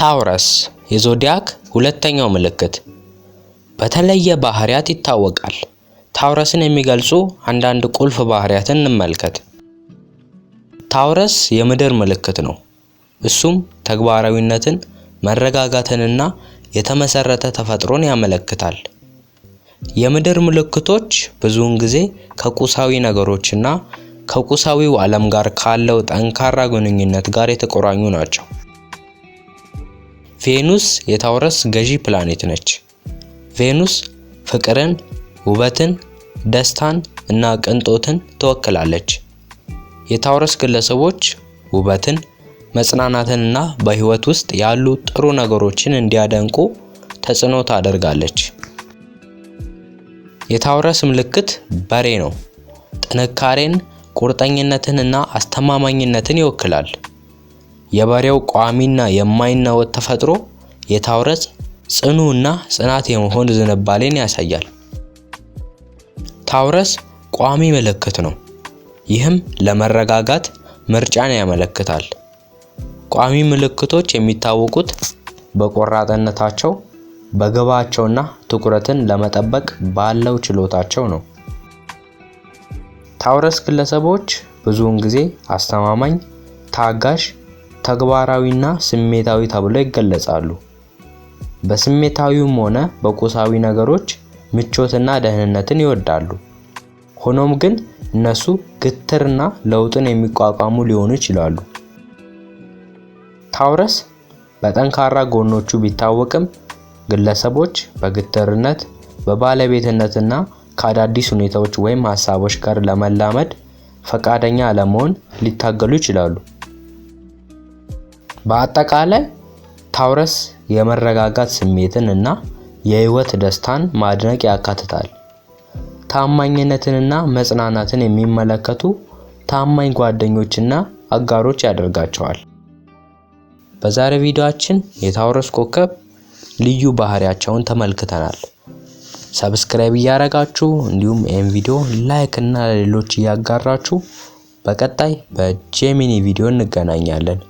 ታውረስ የዞዲያክ ሁለተኛው ምልክት በተለየ ባህሪያት ይታወቃል። ታውረስን የሚገልጹ አንዳንድ ቁልፍ ባህሪያትን እንመልከት። ታውረስ የምድር ምልክት ነው። እሱም ተግባራዊነትን፣ መረጋጋትንና የተመሰረተ ተፈጥሮን ያመለክታል። የምድር ምልክቶች ብዙውን ጊዜ ከቁሳዊ ነገሮችና ከቁሳዊው ዓለም ጋር ካለው ጠንካራ ግንኙነት ጋር የተቆራኙ ናቸው። ቬኑስ የታውረስ ገዢ ፕላኔት ነች። ቬኑስ ፍቅርን፣ ውበትን፣ ደስታን እና ቅንጦትን ትወክላለች። የታውረስ ግለሰቦች ውበትን፣ መጽናናትንና በህይወት ውስጥ ያሉ ጥሩ ነገሮችን እንዲያደንቁ ተጽዕኖ ታደርጋለች። የታውረስ ምልክት በሬ ነው። ጥንካሬን፣ ቁርጠኝነትን እና አስተማማኝነትን ይወክላል። የበሬው ቋሚና የማይናወጥ ተፈጥሮ የታውረስ ጽኑና ጽናት የመሆን ዝንባሌን ያሳያል። ታውረስ ቋሚ ምልክት ነው። ይህም ለመረጋጋት ምርጫን ያመለክታል። ቋሚ ምልክቶች የሚታወቁት በቆራጥነታቸው፣ በግባቸውና ትኩረትን ለመጠበቅ ባለው ችሎታቸው ነው። ታውረስ ግለሰቦች ብዙውን ጊዜ አስተማማኝ፣ ታጋሽ ተግባራዊና ስሜታዊ ተብለው ይገለጻሉ። በስሜታዊም ሆነ በቁሳዊ ነገሮች ምቾትና ደህንነትን ይወዳሉ። ሆኖም ግን እነሱ ግትርና ለውጥን የሚቋቋሙ ሊሆኑ ይችላሉ። ታውረስ በጠንካራ ጎኖቹ ቢታወቅም ግለሰቦች በግትርነት በባለቤትነትና ከአዳዲስ ሁኔታዎች ወይም ሀሳቦች ጋር ለመላመድ ፈቃደኛ ለመሆን ሊታገሉ ይችላሉ። በአጠቃላይ ታውረስ የመረጋጋት ስሜትን እና የህይወት ደስታን ማድነቅ ያካትታል። ታማኝነትንና መጽናናትን የሚመለከቱ ታማኝ ጓደኞችና አጋሮች ያደርጋቸዋል። በዛሬ ቪዲዮአችን የታውረስ ኮከብ ልዩ ባህሪያቸውን ተመልክተናል። ሰብስክራይብ እያደረጋችሁ እንዲሁም ይህን ቪዲዮ ላይክ እና ለሌሎች እያጋራችሁ በቀጣይ በጄሚኒ ቪዲዮ እንገናኛለን።